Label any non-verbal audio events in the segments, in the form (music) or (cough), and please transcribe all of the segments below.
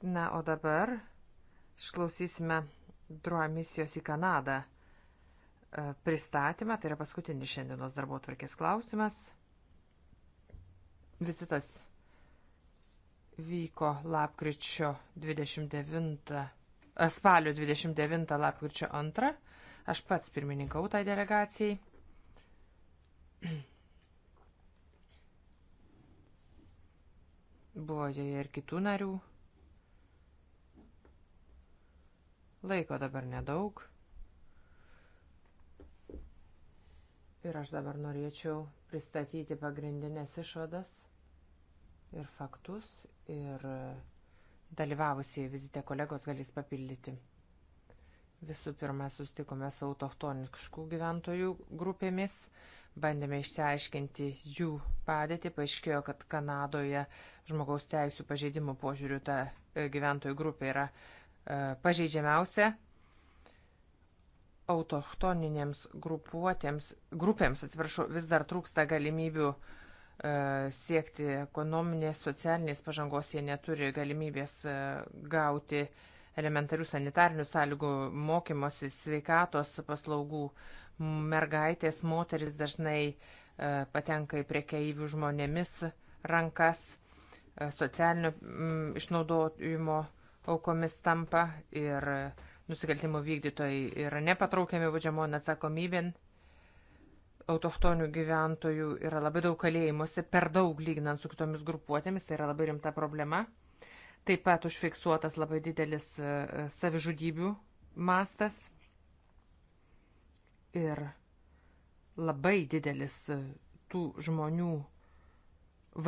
Na, o dabar išklausysime Droa misijos į Kanadą e, pristatymą, tai yra paskutinis šiandienos darbo tvarkės klausimas. Vizitas vyko lapkričio 29, e, spalio 29, lapkričio 2. Aš pats pirmininkau tai delegacijai. Buvo joje ir kitų narių. Laiko dabar nedaug. Ir aš dabar norėčiau pristatyti pagrindinės išvadas ir faktus ir dalyvavusiai vizite kolegos galės papildyti. Visų pirma, sustikome su autochtoniškų gyventojų grupėmis bandėme išsiaiškinti jų padėtį, paaiškėjo, kad Kanadoje žmogaus teisų pažeidimų požiūrių ta e, gyventojų grupė yra e, pažeidžiamiausia. Autochtoninėms grupuotėms, grupėms, atsiprašau, vis dar trūksta galimybių e, siekti ekonominės, socialinės pažangos, jie neturi galimybės gauti elementarių sanitarinių sąlygų, mokymosi, sveikatos paslaugų, mergaitės, moteris dažnai e, patenka į priekeivių žmonėmis rankas, e, socialinio mm, išnaudojimo aukomis tampa ir nusikaltimo vykdytojai yra nepatraukiami vadžiamon atsakomybėn. Autochtonių gyventojų yra labai daug kalėjimuose, per daug lyginant su kitomis grupuotėmis, tai yra labai rimta problema. Taip pat užfiksuotas labai didelis e, savižudybių mastas ir labai didelis e, tų žmonių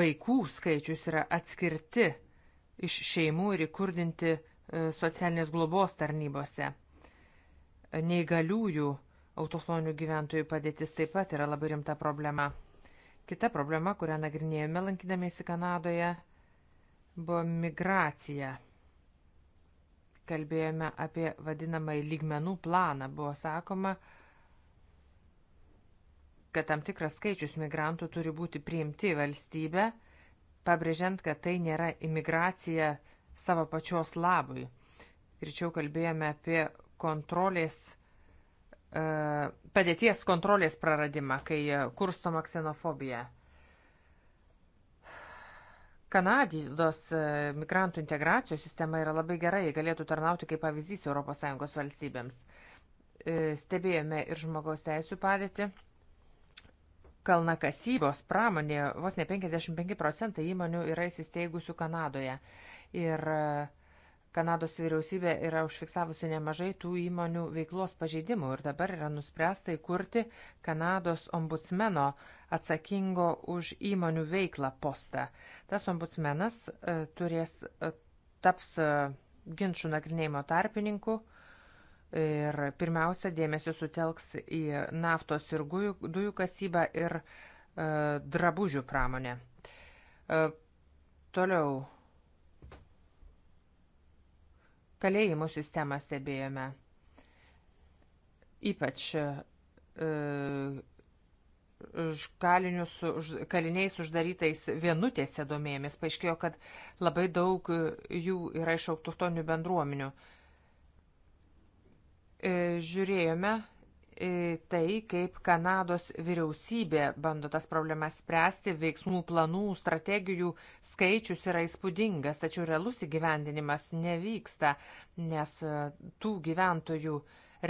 vaikų skaičius yra atskirti iš šeimų ir įkurdinti e, socialinės globos tarnybose. Neįgaliųjų autochtoninių gyventojų padėtis taip pat yra labai rimta problema. Kita problema, kurią nagrinėjome lankydamėsi Kanadoje, buvo migracija. Kalbėjome apie vadinamąjį lygmenų planą. Buvo sakoma, kad kad tam tikras skaičius migrantų turi būti priimti į valstybę, pabrėžiant, kad tai nėra imigracija savo pačios labui. Greičiau kalbėjome apie kontrolės, e, padėties kontrolės praradimą, kai kurstoma ksenofobija. Kanados e, migrantų integracijos sistema yra labai gerai, galėtų tarnauti kaip pavyzdys ES valstybėms. E, stebėjome ir žmogaus teisų padėtį kalnakasybos pramonė, vos ne 55 procentai įmonių yra įsisteigusių Kanadoje. Ir e, Kanados vyriausybė yra užfiksavusi nemažai tų įmonių veiklos pažeidimų ir dabar yra nuspręsta įkurti Kanados ombudsmeno atsakingo už įmonių veiklą postą. Tas ombudsmenas e, turės e, taps ginčių nagrinėjimo tarpininku ir pirmiausia dėmesį sutelks į naftos ir gujų, dujų kasybą ir e, drabužių pramonę. E, toliau. Kalėjimų sistemą stebėjome. Ypač e, kalinius, kaliniais uždarytais vienutėse domėjomis. Paaiškėjo, kad labai daug jų yra iš auktuchtonių bendruomenių. E, E, žiūrėjome e, tai, kaip Kanados vyriausybė bando tas problemas spręsti, veiksmų planų, strategijų skaičius yra įspūdingas, tačiau realus įgyvendinimas nevyksta, nes e, tų gyventojų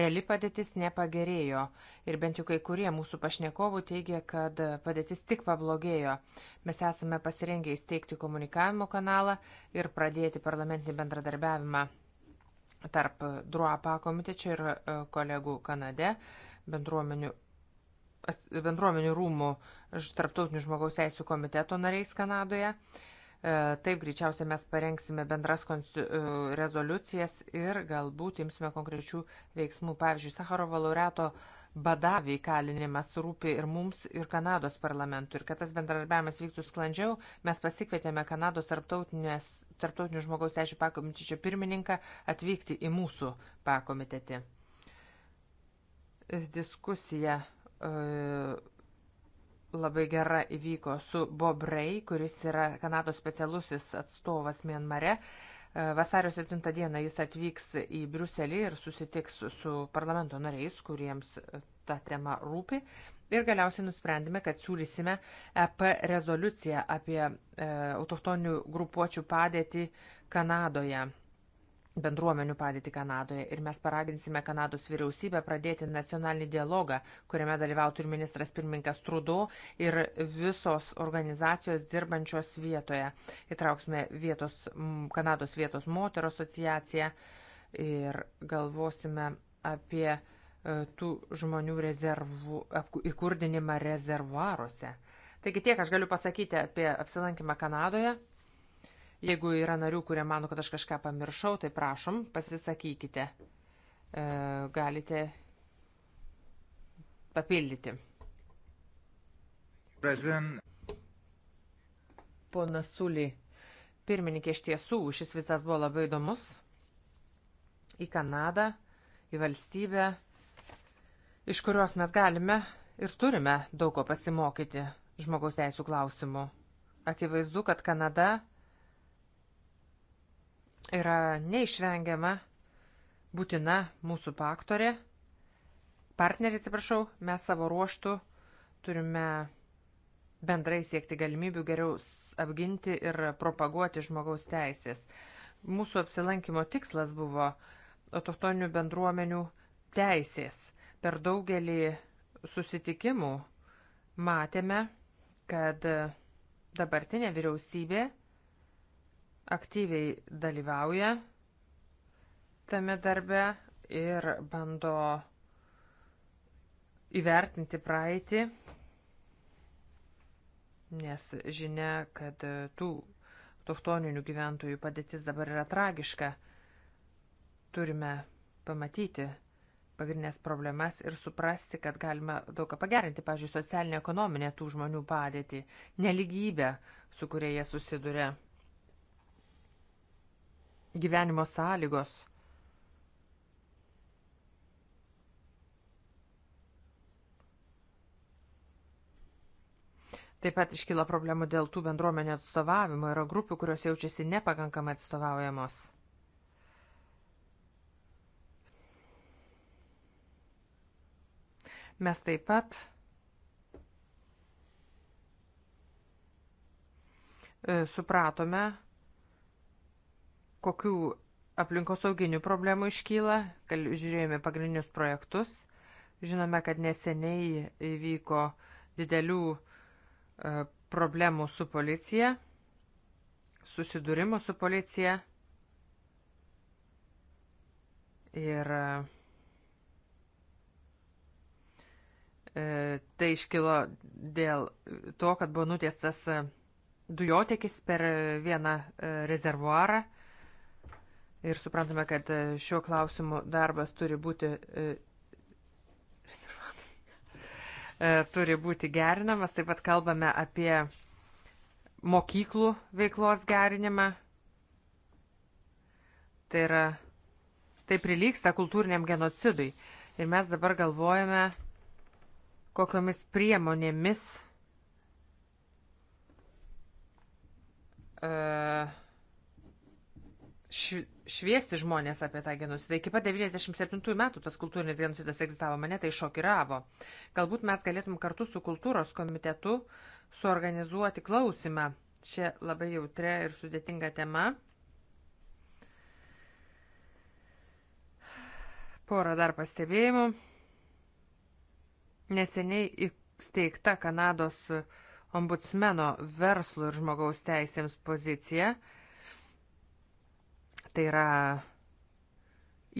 reali padėtis nepagerėjo. Ir bent jau kai kurie mūsų pašnekovų teigia, kad padėtis tik pablogėjo. Mes esame pasirengę įsteigti komunikavimo kanalą ir pradėti parlamentinį bendradarbiavimą tarp Druapa komitečio ir e, kolegų Kanade bendruomenių bendruomenių rūmų tarptautinių žmogaus teisų komiteto nariais Kanadoje. E, taip greičiausiai mes parengsime bendras e, rezoliucijas ir galbūt imsime konkrečių veiksmų. Pavyzdžiui, Sakarovo laureato uh, badavį įkalinimas rūpi ir mums, ir Kanados parlamentui. Ir kad tas bendradarbiavimas vyktų sklandžiau, mes pasikvietėme Kanados tarptautinių žmogaus teisų pakomitečio pirmininką atvykti į mūsų pakomitetį. Diskusija e, labai gera įvyko su Bob Ray, kuris yra Kanados specialusis atstovas Mienmare. E, vasario 7 dieną jis atvyks į Briuselį ir susitiks su parlamento nariais, kuriems ta tema rūpi. Ir galiausiai nusprendėme, kad siūlysime EP rezoliuciją apie e, autochtonių grupuočių padėtį Kanadoje bendruomenių padėtį Kanadoje ir mes paraginsime Kanados vyriausybę pradėti nacionalinį dialogą, kuriame dalyvautų ir ministras pirmininkas Trudo ir visos organizacijos dirbančios vietoje. Įtrauksime vietos, Kanados vietos moterų asociaciją ir galvosime apie e, tų žmonių rezervų, įkurdinimą rezervuaruose. Taigi tiek aš galiu pasakyti apie apsilankymą Kanadoje. Jeigu yra narių, kurie mano, kad aš kažką pamiršau, tai prašom, pasisakykite. E, galite papildyti. President. Pona Sulį, pirmininkė, iš tiesų šis vizas buvo labai įdomus. Į Kanadą, į valstybę, iš kurios mes galime ir turime daug ko pasimokyti žmogaus teisų klausimų. Akivaizdu, kad Kanada yra neišvengiama, būtina mūsų paktorė, partnerė, atsiprašau, mes savo ruoštų turime bendrai siekti galimybių geriau apginti ir propaguoti žmogaus teisės. Mūsų apsilankimo tikslas buvo autochtoninių bendruomenių teisės. Per daugelį susitikimų matėme, kad dabartinė vyriausybė aktyviai dalyvauja tame darbe ir bando įvertinti praeitį, nes žinia, kad tų tohtoninių gyventojų padėtis dabar yra tragiška. Turime pamatyti pagrindinės problemas ir suprasti, kad galima daug ką pagerinti, pavyzdžiui, socialinę ekonominę tų žmonių padėtį, neligybę, su kuria jie susiduria gyvenimo sąlygos. Taip pat iškyla problemų dėl tų bendruomenių atstovavimo. Yra grupių, kurios jaučiasi nepakankamai atstovaujamos. Mes taip pat e, supratome, kokių aplinkosauginių problemų iškyla, žiūrėjome pagrindinius projektus, žinome, kad neseniai įvyko didelių e, problemų su policija, susidūrimų su policija ir e, tai iškilo dėl to, kad buvo nutiestas dujotekis per vieną e, rezervuarą ir suprantame, kad e, šiuo klausimu darbas turi būti, e, (laughs) e, turi būti gerinamas. Taip pat kalbame apie mokyklų veiklos gerinimą. Tai yra, tai prilyksta kultūriniam genocidui. Ir mes dabar galvojame, kokiamis priemonėmis uh, ši, šviesti žmonės apie tą genocidą. Iki pat 97 metų tas kultūrinis genocidas egzistavo, mane tai šokiravo. Galbūt mes galėtum kartu su kultūros komitetu suorganizuoti klausimą. Čia labai jautria ir sudėtinga tema. Porą dar pastebėjimų. Neseniai įsteigta Kanados ombudsmeno verslo ir žmogaus teisėms pozicija Tai yra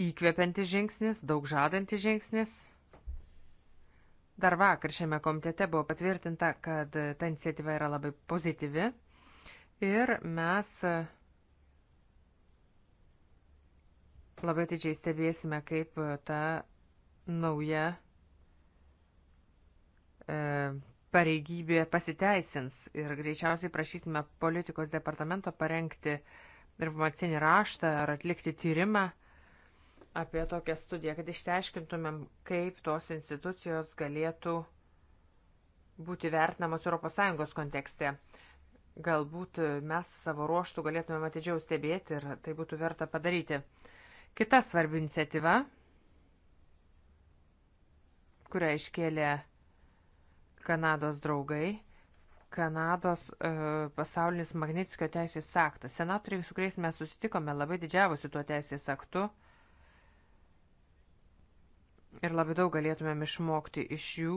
įkvepiantis žingsnis, daug žadantis žingsnis. Dar vakar šiame komitete buvo patvirtinta, kad ta iniciatyva yra labai pozityvi ir mes labai didžiai stebėsime, kaip ta nauja e, pareigybė pasiteisins ir greičiausiai prašysime politikos departamento parengti e, informacinį raštą ar atlikti tyrimą apie tokią studiją, kad išsiaiškintumėm, kaip tos institucijos galėtų būti vertinamos ES kontekste. Galbūt mes savo ruoštų galėtumėm atidžiau stebėti ir tai būtų verta padaryti. Kita svarbi iniciatyva, kurią iškėlė Kanados draugai, Kanados e, pasaulinis Magnitskio teisės aktas. Senatoriai, su kuriais mes susitikome, labai didžiavosi tuo teisės aktu ir labai daug galėtumėm išmokti iš jų.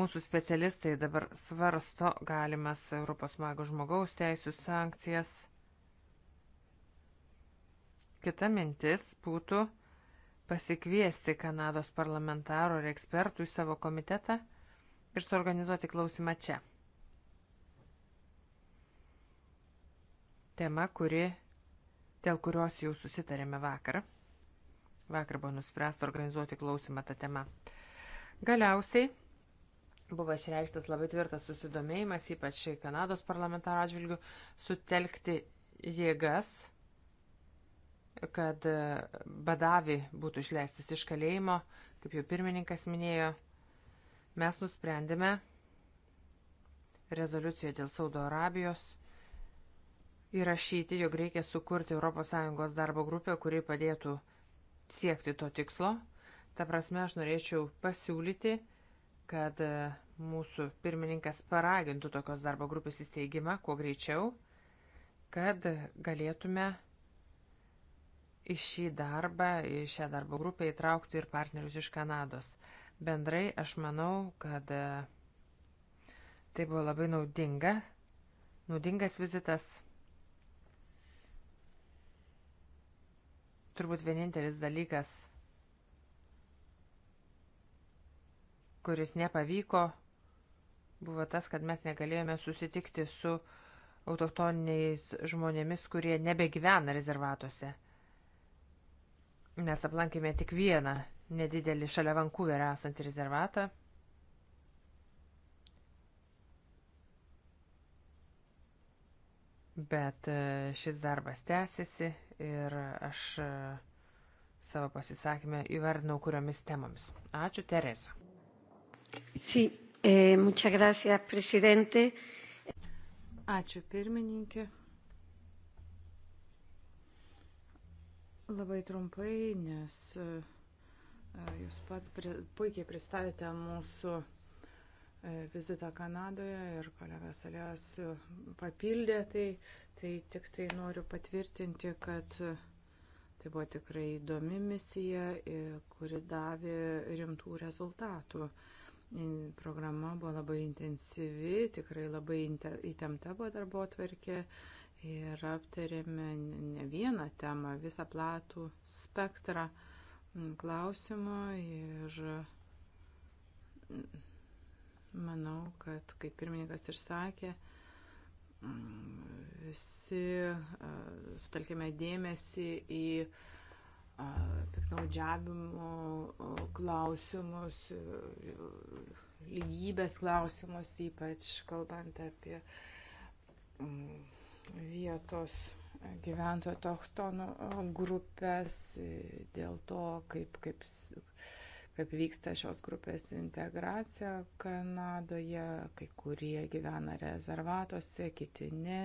Mūsų specialistai dabar svarsto galimas Europos magų žmogaus teisų sankcijas. Kita mintis būtų pasikviesti Kanados parlamentarų ir ekspertų į savo komitetą ir suorganizuoti klausimą čia. Tema, kuri, dėl kurios jau susitarėme vakar. Vakar buvo nuspręsta organizuoti klausimą tą temą. Galiausiai buvo išreikštas labai tvirtas susidomėjimas, ypač Kanados parlamentaro atžvilgių, sutelkti jėgas, kad badavi būtų išleistas iš kalėjimo, kaip jau pirmininkas minėjo, mes nusprendėme rezoliucijoje dėl Saudo Arabijos įrašyti, jog reikia sukurti ES darbo grupę, kuri padėtų siekti to tikslo. Ta prasme, aš norėčiau pasiūlyti, kad e, mūsų pirmininkas paragintų tokios darbo grupės įsteigimą kuo greičiau, kad galėtume į šį darbą, į šią darbo grupę įtraukti ir partnerius iš Kanados. Bendrai aš manau, kad e, tai buvo labai naudinga, naudingas vizitas. Turbūt vienintelis dalykas, kuris nepavyko, buvo tas, kad mes negalėjome susitikti su autoktoniniais žmonėmis, kurie nebegyvena rezervatuose. Mes aplankėme tik vieną nedidelį šalia Vankuverio esantį rezervatą. Bet e, šis darbas tęsiasi ir aš e, savo pasisakymę įvardinau kuriomis temomis. Ačiū, Teresa. Sí, eh, muchas gracias, presidente. Ačiū, pirmininkė. Labai trumpai, nes uh, Jūs pats pri, puikiai pristatėte mūsų e, vizitą Kanadoje ir kolega Salės e, papildė tai, tai tik tai noriu patvirtinti, kad e, tai buvo tikrai įdomi misija, kuri davė rimtų rezultatų. Programa buvo labai intensyvi, tikrai labai įtempta buvo darbo atverkė ir aptarėme ne vieną temą, visą platų spektrą klausimo ir manau, kad kaip pirmininkas ir sakė, visi sutelkėme dėmesį į piknaudžiavimo klausimus, lygybės klausimus, ypač kalbant apie mm, vietos gyventojų tohtonų uh, grupės, e, dėl to, kaip, kaip, kaip vyksta šios grupės integracija Kanadoje, kai kurie gyvena rezervatuose, kiti ne,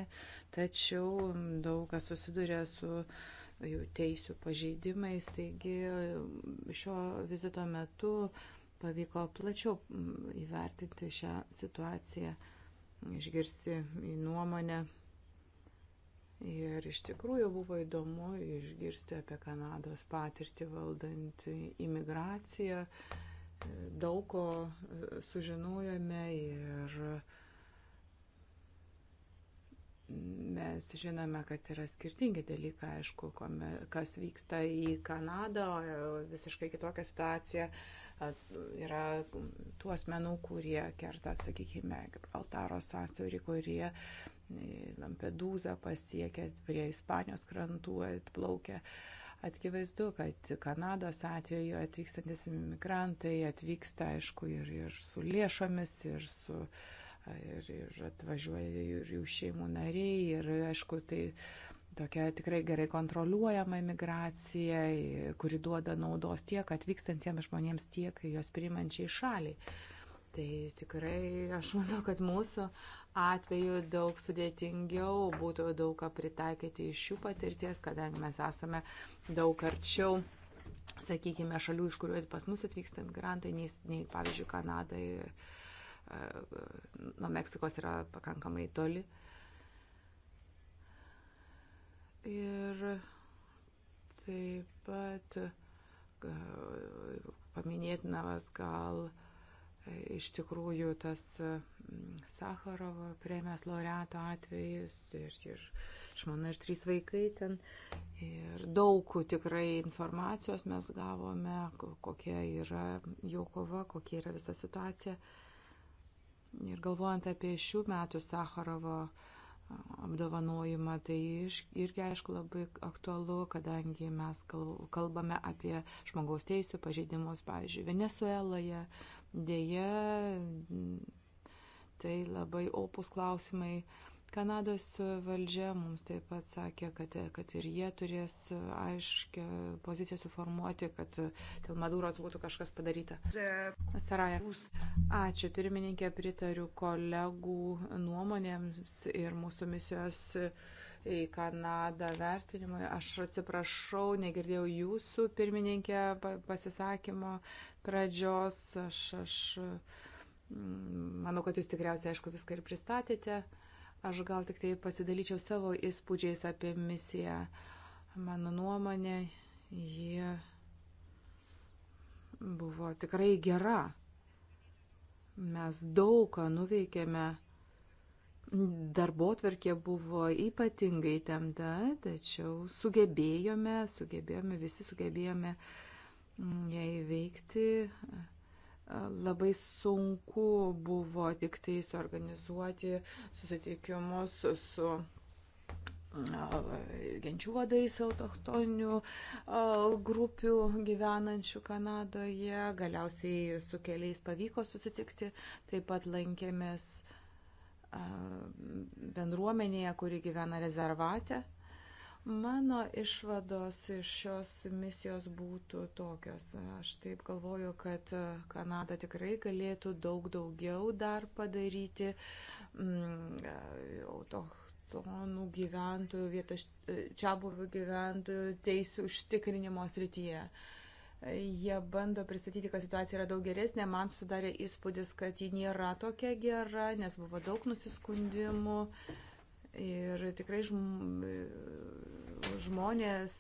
tačiau mm, daug kas susiduria su jų teisų pažeidimais, taigi mm, šio vizito metu pavyko plačiau mm, įvertinti šią situaciją, išgirsti į nuomonę Ir iš tikrųjų buvo įdomu išgirsti apie Kanados patirtį valdant imigraciją. Daug ko e, sužinojome ir mes žinome, kad yra skirtingi dalykai, aišku, kas vyksta į Kanadą, e, visiškai kitokia situacija yra tų asmenų, kurie kerta, sakykime, Gibraltaro sąsiaurį, kurie e, Lampedūzą pasiekia, prie Ispanijos krantų atplaukia. Atkivaizdu, kad Kanados atveju atvykstantis imigrantai atvyksta, aišku, ir, ir su lėšomis, ir su uh, ir, ir atvažiuoja ir jų šeimų nariai, ir aišku, tai tokia tikrai gerai kontroliuojama imigracija, kuri duoda naudos tiek atvykstantiems žmonėms, tiek jos priimančiai šaliai. Tai tikrai aš manau, kad mūsų atveju daug sudėtingiau būtų daug ką pritaikyti iš jų patirties, kadangi mes esame daug arčiau, sakykime, šalių, iš kurių pas mus atvyksta migrantai, nei, nei pavyzdžiui, Kanadai e, nuo Meksikos yra pakankamai toli. Uh, Ir taip pat paminėtinamas gal e, iš tikrųjų tas Sakarovo premijos laureato atvejis ir, ir žmona ir trys vaikai ten. Ir daug tikrai informacijos mes gavome, kokia yra jo kova, kokia yra visa situacija. Ir galvojant apie šių metų Sakarovo uh, apdovanojimą. Tai irgi, aišku, labai aktualu, kadangi mes kalbame apie žmogaus teisų pažeidimus, pavyzdžiui, Venezueloje. Dėja, tai labai opus klausimai Kanados valdžia mums taip pat sakė, kad, kad ir jie turės aiškę poziciją suformuoti, kad dėl Maduros būtų kažkas padaryta. Saraja. Ačiū, pirmininkė, pritariu kolegų nuomonėms ir mūsų misijos į Kanadą vertinimui. Aš atsiprašau, negirdėjau jūsų pirmininkė pasisakymo pradžios. Aš, aš mm, manau, kad jūs tikriausiai, aišku, viską ir pristatėte. Aš gal tik tai pasidalyčiau savo įspūdžiais apie misiją. Mano nuomonė, ji buvo tikrai gera. Mes daug ką nuveikėme. Darbo tvarkė buvo ypatingai temta, tačiau sugebėjome, sugebėjome, visi sugebėjome ją įveikti. Labai sunku buvo tik tai suorganizuoti susitikimus su genčių vadais autochtonių grupių gyvenančių Kanadoje. Galiausiai su keliais pavyko susitikti. Taip pat lankėmės bendruomenėje, kuri gyvena rezervate. Mano išvados iš šios misijos būtų tokios. Aš taip galvoju, kad e, Kanada tikrai galėtų daug daugiau dar padaryti mm, e, autochtonų gyventojų, vietos e, čia buvių gyventojų teisų užtikrinimo srityje jie bando pristatyti, kad situacija yra daug geresnė. Man sudarė įspūdis, kad ji nėra tokia gera, nes buvo daug nusiskundimų. Uh, Ir tikrai žmonės,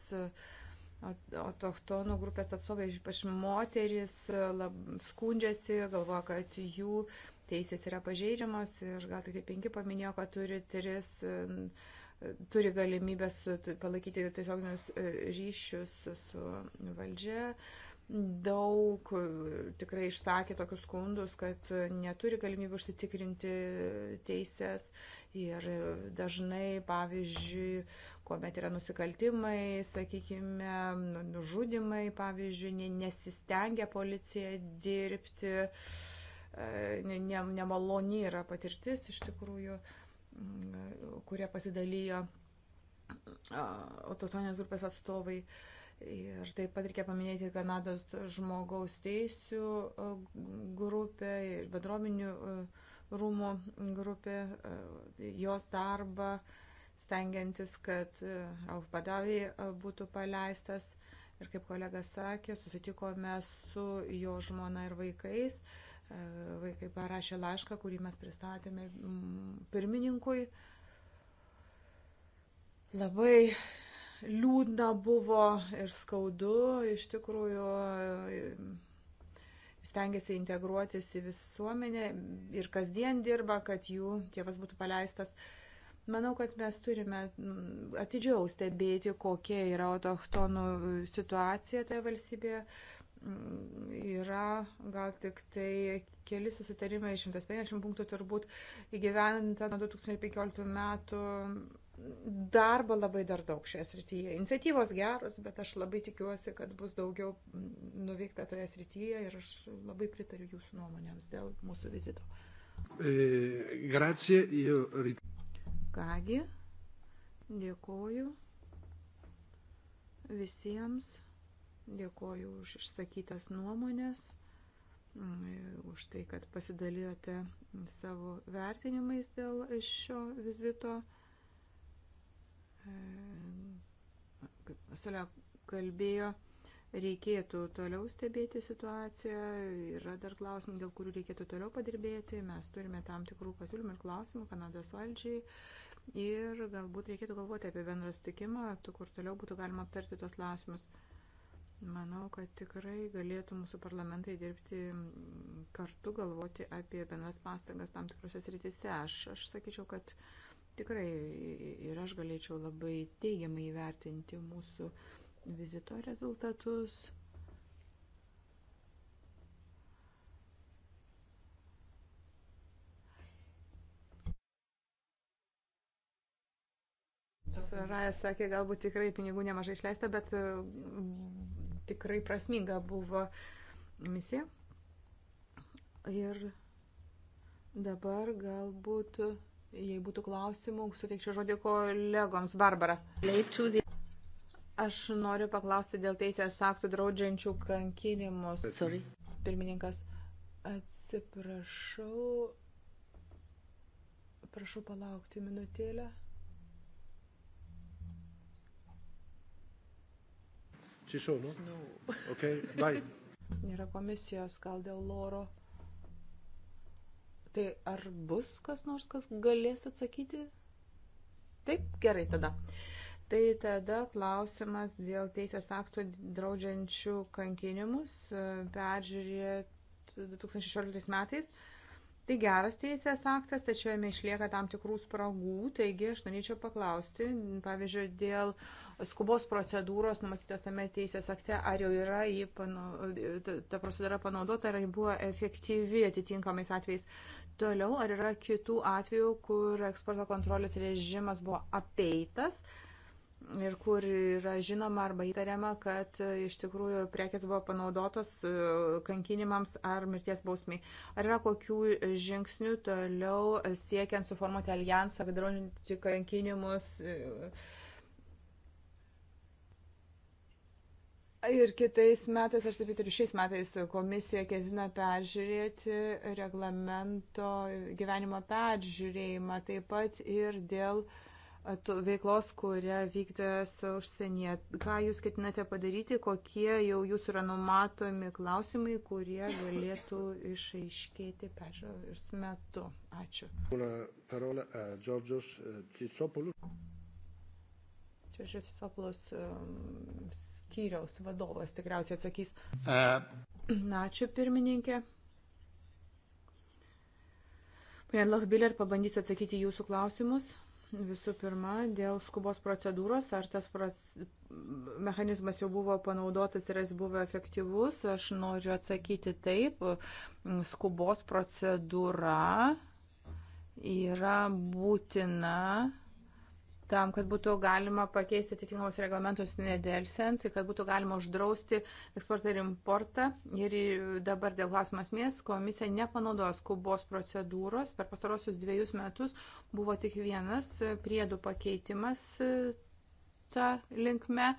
autochtonų grupės atstovai, ypač moteris, lab, skundžiasi, galvoja, kad jų teisės yra pažeidžiamos ir gal tik tai penki paminėjo, kad turi tris turi galimybę su, palaikyti tiesioginius e, ryšius su valdžia. Daug e, tikrai išsakė tokius skundus, kad neturi galimybę užsitikrinti teisės Ir dažnai, pavyzdžiui, kuomet yra nusikaltimai, sakykime, nužudimai, pavyzdžiui, nesistengia policija dirbti, e, ne, nemaloni yra patirtis iš tikrųjų, mm, kurie pasidalijo autotonės grupės atstovai. Ir taip pat reikia paminėti Kanados žmogaus teisų e, grupę ir bendruomenių uh, rūmų grupė, e, jos darbą, stengiantis, kad e, Rauf Badavi e, būtų paleistas. Ir kaip kolega sakė, susitikome su jo žmona ir vaikais. Vaikai parašė laišką, kurį mes pristatėme pirmininkui. Labai liūdna buvo ir skaudu, iš tikrųjų stengiasi integruotis į visuomenę ir kasdien dirba, kad jų tėvas būtų paleistas. Manau, kad mes turime mm, atidžiau stebėti, kokia yra autochtonų situacija toje valstybėje. Mm, yra gal tik tai keli susitarimai, 150 punktų turbūt įgyveninta nuo 2015 metų darbo labai dar daug šioje srityje. Iniciatyvos geros, bet aš labai tikiuosi, kad bus daugiau nuveikta toje srityje ir aš labai pritariu jūsų nuomonėms dėl mūsų vizito. E, grazie. Kągi, dėkoju visiems, dėkoju už išsakytas nuomonės, mm, e, už tai, kad pasidalijote savo vertinimais dėl šio vizito. Ehm, Salė kalbėjo, reikėtų toliau stebėti situaciją, yra dar klausimų, dėl kurių reikėtų toliau padirbėti, mes turime tam tikrų pasiūlymų ir klausimų Kanados valdžiai. Ir galbūt reikėtų galvoti apie bendrą sutikimą, kur toliau būtų galima aptarti tos klausimus. Manau, kad tikrai galėtų mūsų parlamentai dirbti kartu, galvoti apie bendras pastangas tam tikrose srityse. Aš, aš sakyčiau, kad uh, Tikrai ir aš galėčiau labai teigiamai įvertinti mūsų vizito rezultatus. Raja sakė, galbūt tikrai pinigų nemažai išleista, bet e, tikrai prasminga buvo misija. Ir dabar galbūt Jei būtų klausimų, suteikčiau žodį kolegoms. Barbara. Aš noriu paklausti dėl teisės aktų draudžiančių kankinimus. Sorry. Pirmininkas, atsiprašau. Prašau palaukti minutėlę. Ci sono? No. Ok, vai. Nėra komisijos, gal dėl loro. Tai ar bus kas nors, kas galės atsakyti? Taip, gerai tada. Tai tada klausimas dėl teisės aktų draudžiančių kankinimus e, peržiūrėt 2016 metais. Tai geras teisės aktas, tačiau jame išlieka tam tikrų spragų, taigi aš norėčiau paklausti, pavyzdžiui, dėl skubos procedūros numatytos tame teisės akte, ar jau yra pano, ta procedūra panaudota, ar ji buvo efektyvi atitinkamais atvejais. Toliau, ar yra kitų atvejų, kur eksporto kontrolės režimas buvo apeitas ir kur yra žinoma arba įtariama, kad e, iš tikrųjų prekės buvo panaudotos e, kankinimams ar mirties bausmiai. Ar yra kokių e, žingsnių toliau siekiant suformuoti alijansą, kad draudžianti kankinimus? E, Ir kitais metais, aš taip įtariu, šiais metais komisija ketina peržiūrėti reglamento gyvenimo peržiūrėjimą, taip pat ir dėl veiklos, kurią vykdės užsienyje. Ką jūs ketinate padaryti, kokie jau jūsų yra numatomi klausimai, kurie galėtų išaiškėti peržiūros metu. Ačiū. Parola, Džordžius Cisopoulos. Eh, Džordžius Cisopoulos ehm, skyriaus vadovas tikriausiai atsakys. E. Ačiū pirmininkė. Pane Lachbiller, pabandysiu atsakyti jūsų klausimus. Visų pirma, dėl skubos procedūros, ar tas pras... mechanizmas jau buvo panaudotas ir jis buvo efektyvus, aš noriu atsakyti taip. Skubos procedūra yra būtina tam, kad būtų galima pakeisti atitinkamus reglamentus nedėlsiant, kad būtų galima uždrausti eksportą ir importą. Ir dabar dėl klausimas mės, komisija nepanaudojo skubos procedūros. Per pastarosius dviejus metus buvo tik vienas priedų pakeitimas tą linkme.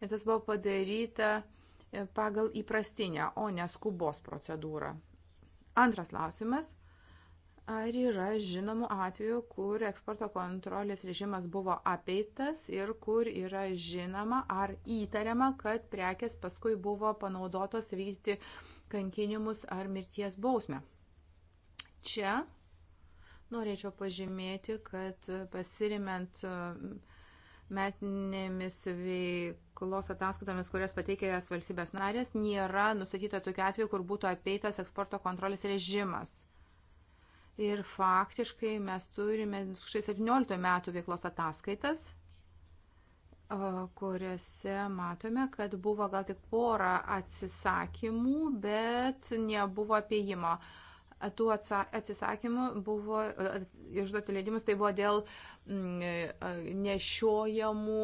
Ir tas buvo padaryta pagal įprastinę, o ne skubos procedūrą. Antras klausimas Ar yra žinomų atvejų, kur eksporto kontrolės režimas buvo apeitas ir kur yra žinoma ar įtariama, kad prekes paskui buvo panaudotos vykti kankinimus ar mirties bausmę? Čia norėčiau pažymėti, kad pasirimant metinėmis veiklos ataskaitomis, kurias pateikė valstybės narės, nėra nustatyta tokia atveju, kur būtų apeitas eksporto kontrolės režimas ir faktiškai mes turime 2017 metų veiklos ataskaitas, kuriuose matome, kad buvo gal tik pora atsisakymų, bet nebuvo apiejimo. Tų atsisakymų buvo išduoti leidimus, tai buvo dėl mm, nešiojamų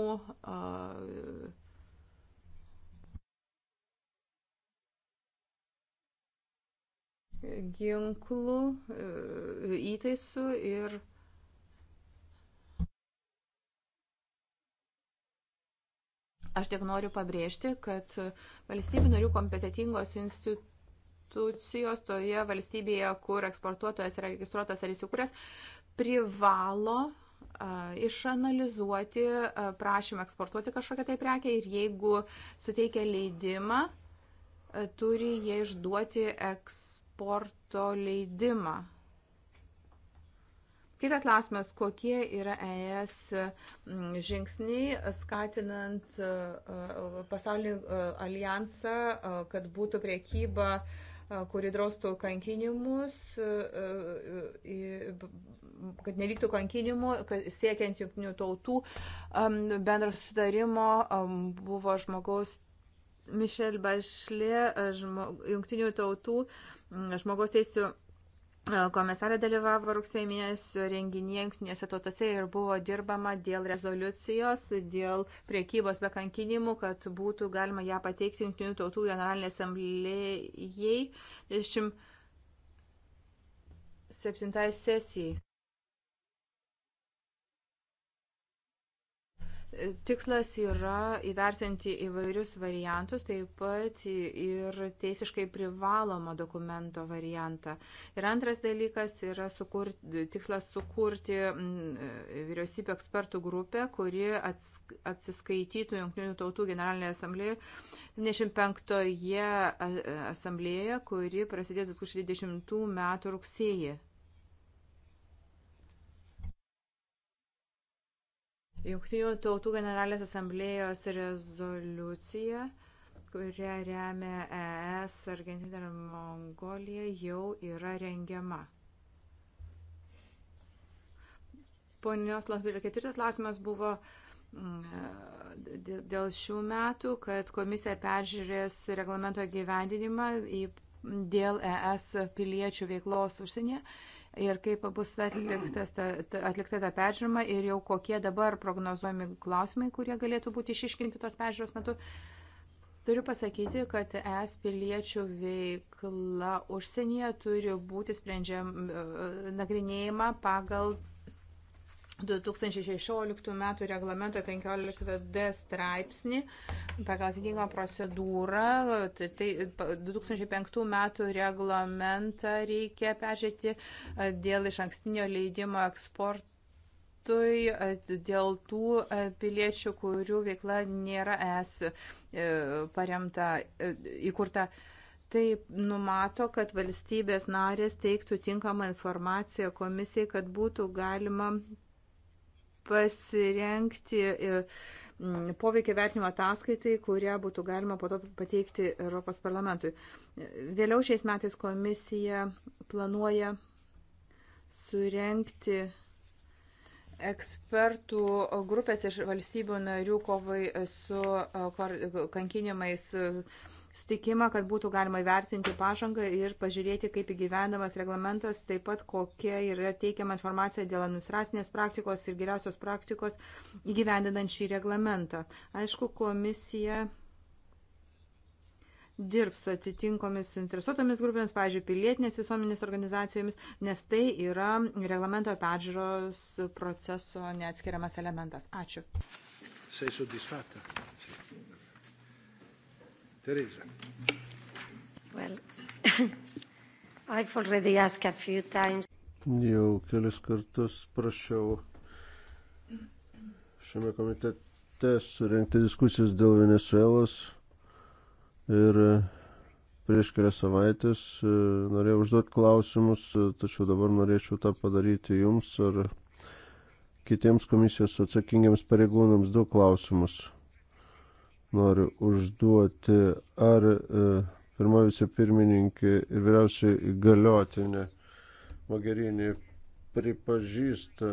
ginklų, e, įtaisų ir Aš tik noriu pabrėžti, kad valstybių narių kompetitingos institucijos toje valstybėje, kur eksportuotojas yra registruotas ar įsikūręs, privalo išanalizuoti prašymą eksportuoti kažkokią tai prekę ir jeigu suteikia leidimą, turi jie išduoti eksportuotojai eksporto leidimą. Kitas klausimas, kokie yra ES mm, žingsniai skatinant e, e, pasaulį e, alijansą, kad būtų priekyba, kuri draustų kankinimus, kad nevyktų kankinimų, kad siekiant jungtinių tautų bendro sudarimo buvo žmogaus Mišel Bašlė, žmog, jungtinių tautų Mm, žmogaus teisų e, komisarė dalyvavo rugsėjo mėnesio renginyje jungtinėse tautose ir buvo dirbama dėl rezoliucijos, dėl priekybos be kankinimų, kad būtų galima ją pateikti jungtinių tautų generalinė asamblėjai 37 sesijai. Tikslas yra įvertinti įvairius variantus, taip pat ir teisiškai privalomą dokumento variantą. Ir antras dalykas yra sukurti, tikslas sukurti vyriausybė ekspertų grupę, kuri atsiskaitytų Junktinių tautų generalinėje asamblėje 75-oje asamblėje, kuri prasidės 2020 m. rugsėjį. Junktinių tautų generalinės asamblėjos rezoliucija, kurią remia ES, Argentina ir Mongolija, jau yra rengiama. Ponios Lasvilio ketvirtas klausimas buvo mm, e, dėl šių metų, kad komisija peržiūrės reglamento gyvendinimą dėl ES piliečių veiklos užsienyje ir kaip bus atliktas, ta, ta, atlikta ta peržiūrima ir jau kokie dabar prognozuojami klausimai, kurie galėtų būti išiškinti tos peržiūros metu. Turiu pasakyti, kad es piliečių veikla užsienyje turi būti sprendžiam, e, nagrinėjama pagal 2016 m. reglamento 15d straipsnį pagal atitinkamą procedūrą. Tai 2005 tai, m. reglamentą reikia peržiūrėti dėl iš ankstinio leidimo eksportui dėl tų piliečių, kurių veikla nėra es e, paremta, e, įkurta. Taip numato, kad valstybės narės teiktų tinkamą informaciją komisijai, kad būtų galima pasirenkti e, poveikia vertinimo ataskaitai, kurią būtų galima po to pateikti Europos parlamentui. Vėliau šiais metais komisija planuoja surenkti ekspertų grupės iš valstybių narių kovai su e, kankinimais sutikimą, kad būtų galima įvertinti pažangą ir pažiūrėti, kaip įgyvendamas reglamentas, taip pat kokia yra teikiama informacija dėl administracinės praktikos ir geriausios praktikos įgyvendinant šį reglamentą. Aišku, komisija dirbs su atitinkomis interesuotomis grupėmis, pavyzdžiui, pilietinės visuomenės organizacijomis, nes tai yra reglamento peržiūros proceso neatskiriamas elementas. Ačiū. Sei soddisfatta? Teresa. Well, (laughs) I've already asked a few times. Jau kelis kartus prašiau šiame komitete surenkti diskusijas dėl Venezuelos ir e, prieš kelias savaitės e, norėjau užduoti klausimus, e, tačiau dabar norėčiau tą padaryti jums ar kitiems komisijos atsakingiams pareigūnams du klausimus noriu užduoti. Ar e, pirmoji vicepirmininkė ir vyriausiai įgaliotinė Mogherini pripažįsta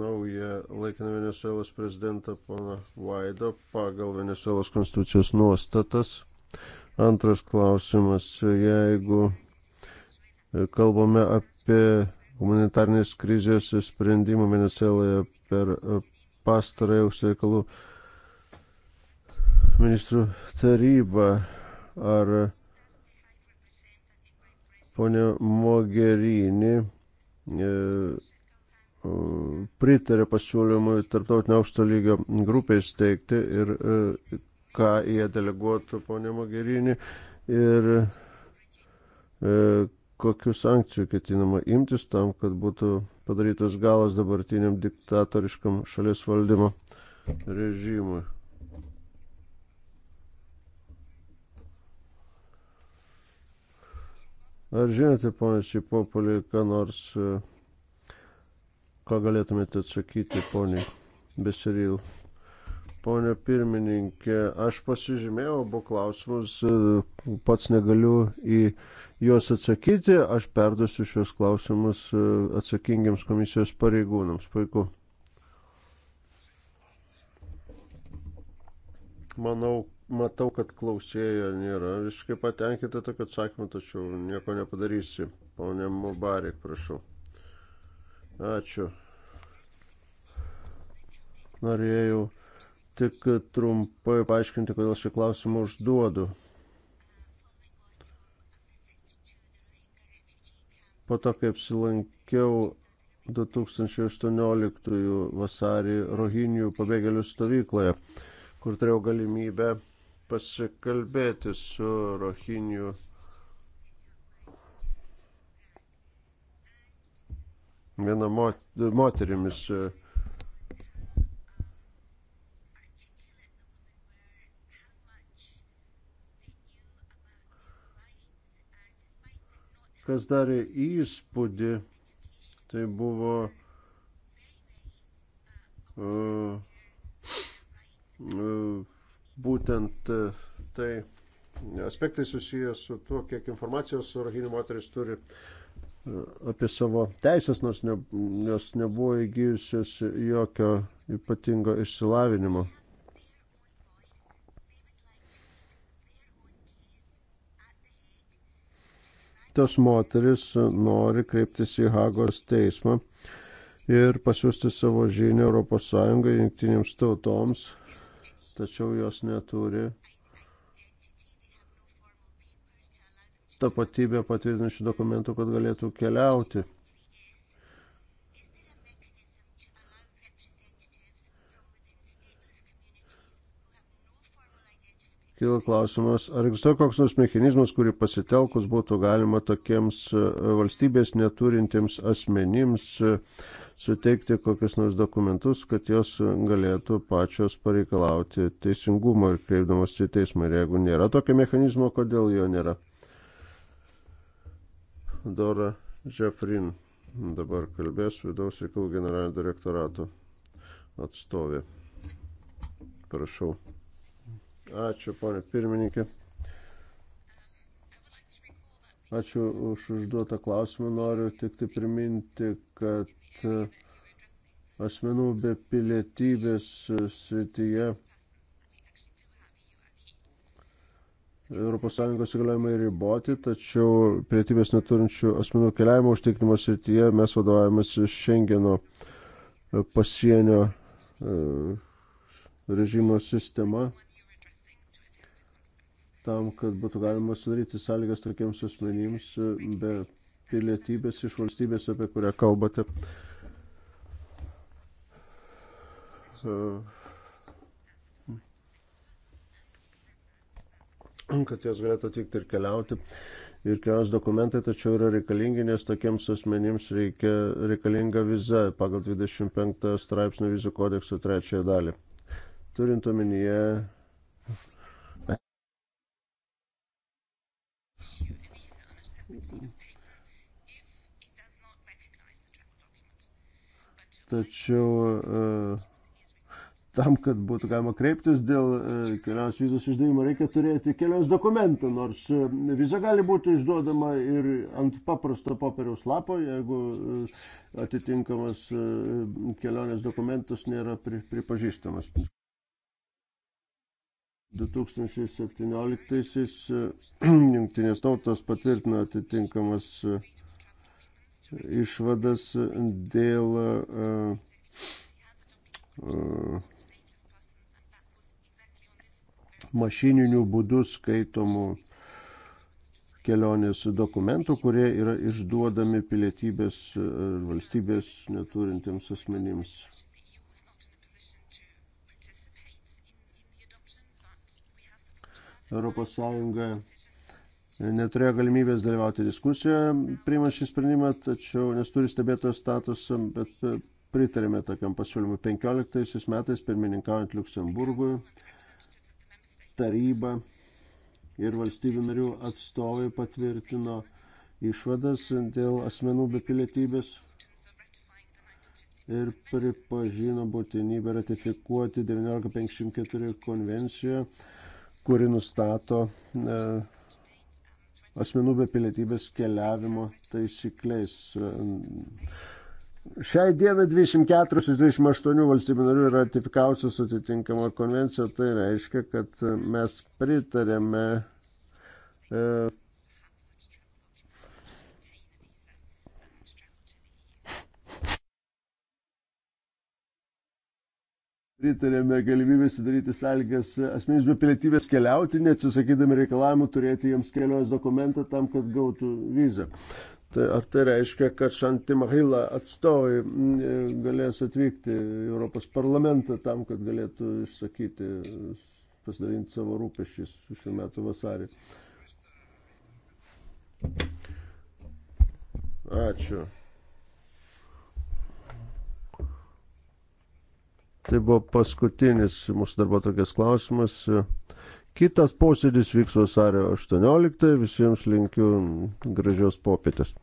naują laikiną Venezuelos prezidentą pana Vaido pagal Venezuelos konstitucijos nuostatas. Antras klausimas, jeigu kalbame apie humanitarnės krizės sprendimą Venezueloje per pastarąją užsienio reikalų ministrų taryba ar ponia Mogherini e, pritarė pasiūlymui tarptautinio aukšto lygio grupę įsteigti ir e, ką jie deleguotų ponia Mogherini ir e, kokių sankcijų ketinama imtis tam, kad būtų padarytas galas dabartiniam diktatoriškam šalies valdymo režimui. Ar žinote, ponė Sipopolė, ką nors, e, ką galėtumėte atsakyti, ponė Besiril? Pone pirmininkė, aš pasižymėjau abu klausimus, e, pats negaliu į juos atsakyti, aš perduosiu šios klausimus e, atsakingiams komisijos pareigūnams. Puiku. Manau, Matau, kad klausėja nėra visiškai patenkinta tokio atsakymu, tačiau nieko nepadarysi. Pone Mubarek, prašau. Ačiū. Norėjau tik trumpai paaiškinti, kodėl šį klausimą užduodu. Po to, kai apsilankiau 2018 vasarį Rohinių pabėgėlių stovykloje, kur turėjau galimybę pasikalbėti su Rohinių viena mot, moterimis. Kas darė įspūdį, tai buvo uh, uh, būtent e, tai aspektai susijęs su tuo, kiek informacijos rahinė moteris turi e, apie savo teisės, nors ne, jos nebuvo įgyjusios jokio ypatingo išsilavinimo. Tos moteris nori kreiptis į Hagos teismą ir pasiūsti savo žinią ES jungtinėms tautoms tačiau jos neturi tapatybę patvirtinančių dokumentų, kad galėtų keliauti. kyla klausimas, ar egzistuoja koks nors mechanizmas, kurį pasitelkus būtų galima tokiems e, valstybės neturintiems asmenims e, suteikti kokius nors dokumentus, kad jos galėtų pačios pareikalauti teisingumo ir kreipdamas į teismą. Ir jeigu nėra tokio mechanizmo, kodėl jo nėra? Dora Jeffrin dabar kalbės vidaus reikalų generalinio direktorato atstovė. Prašau. Ačiū, ponė pirmininkė. Ačiū už užduotą klausimą. Noriu tik tai priminti, kad E, asmenų be pilietybės e, srityje ES įgaliojimai riboti, tačiau pilietybės neturinčių asmenų keliavimo užtikrinimo srityje mes vadovavomės Schengeno e, pasienio režimo sistema tam, kad būtų galima sudaryti sąlygas tokiems asmenims be pilietybės iš valstybės, apie kurią kalbate. kad jos galėtų atvykti ir keliauti. Ir kelios dokumentai, tačiau yra reikalingi, nes tokiems asmenims reikia, reikalinga viza pagal 25 straipsnių vizų kodekso trečiąją dalį. Turint omenyje tačiau e, tam, kad būtų galima kreiptis dėl e, kelios vizos išdavimo, reikia turėti kelios dokumentų, nors e, viza gali būti išduodama ir ant paprasto popieriaus lapo, jeigu atitinkamas kelionės dokumentas nėra pripažįstamas. 2017 (clears throat) jungtinės tautos patvirtino atitinkamas išvadas dėl e, e, mašininių būdų skaitomų kelionės dokumentų, kurie yra išduodami pilietybės e, valstybės neturintiems asmenims. Europos Sąjunga neturėjo galimybės dalyvauti diskusijoje priimant šį sprendimą, tačiau nes turi stebėtojo statusą, bet e, pritarėme tokiam pasiūlymui 15 metais pirmininkaujant Luksemburgui taryba ir valstybių narių atstovai patvirtino išvadas dėl asmenų be pilietybės ir pripažino būtinybę ratifikuoti 1954 konvenciją, kuri nustato e, asmenų be pilietybės keliavimo taisykliais. Šiai dienai 24 iš 28 valstybių narių yra ratifikavusios atitinkamą konvenciją, tai reiškia, kad mes pritarėme e, pritarėme galimybę sudaryti sąlygas asmenys be pilietybės keliauti, neatsisakydami reikalavimų turėti jiems kelionės dokumentą tam, kad gautų vizą. Tai ar tai reiškia, kad Šanti Mahila atstovai mm, e, galės atvykti į Europos parlamentą tam, kad galėtų išsakyti, pasidalinti savo rūpeščiais šiuo metu vasarį? Ačiū. Tai buvo paskutinis mūsų darbo tokias klausimas. Kitas posėdis vyks vasario 18. Visiems linkiu gražios popietės.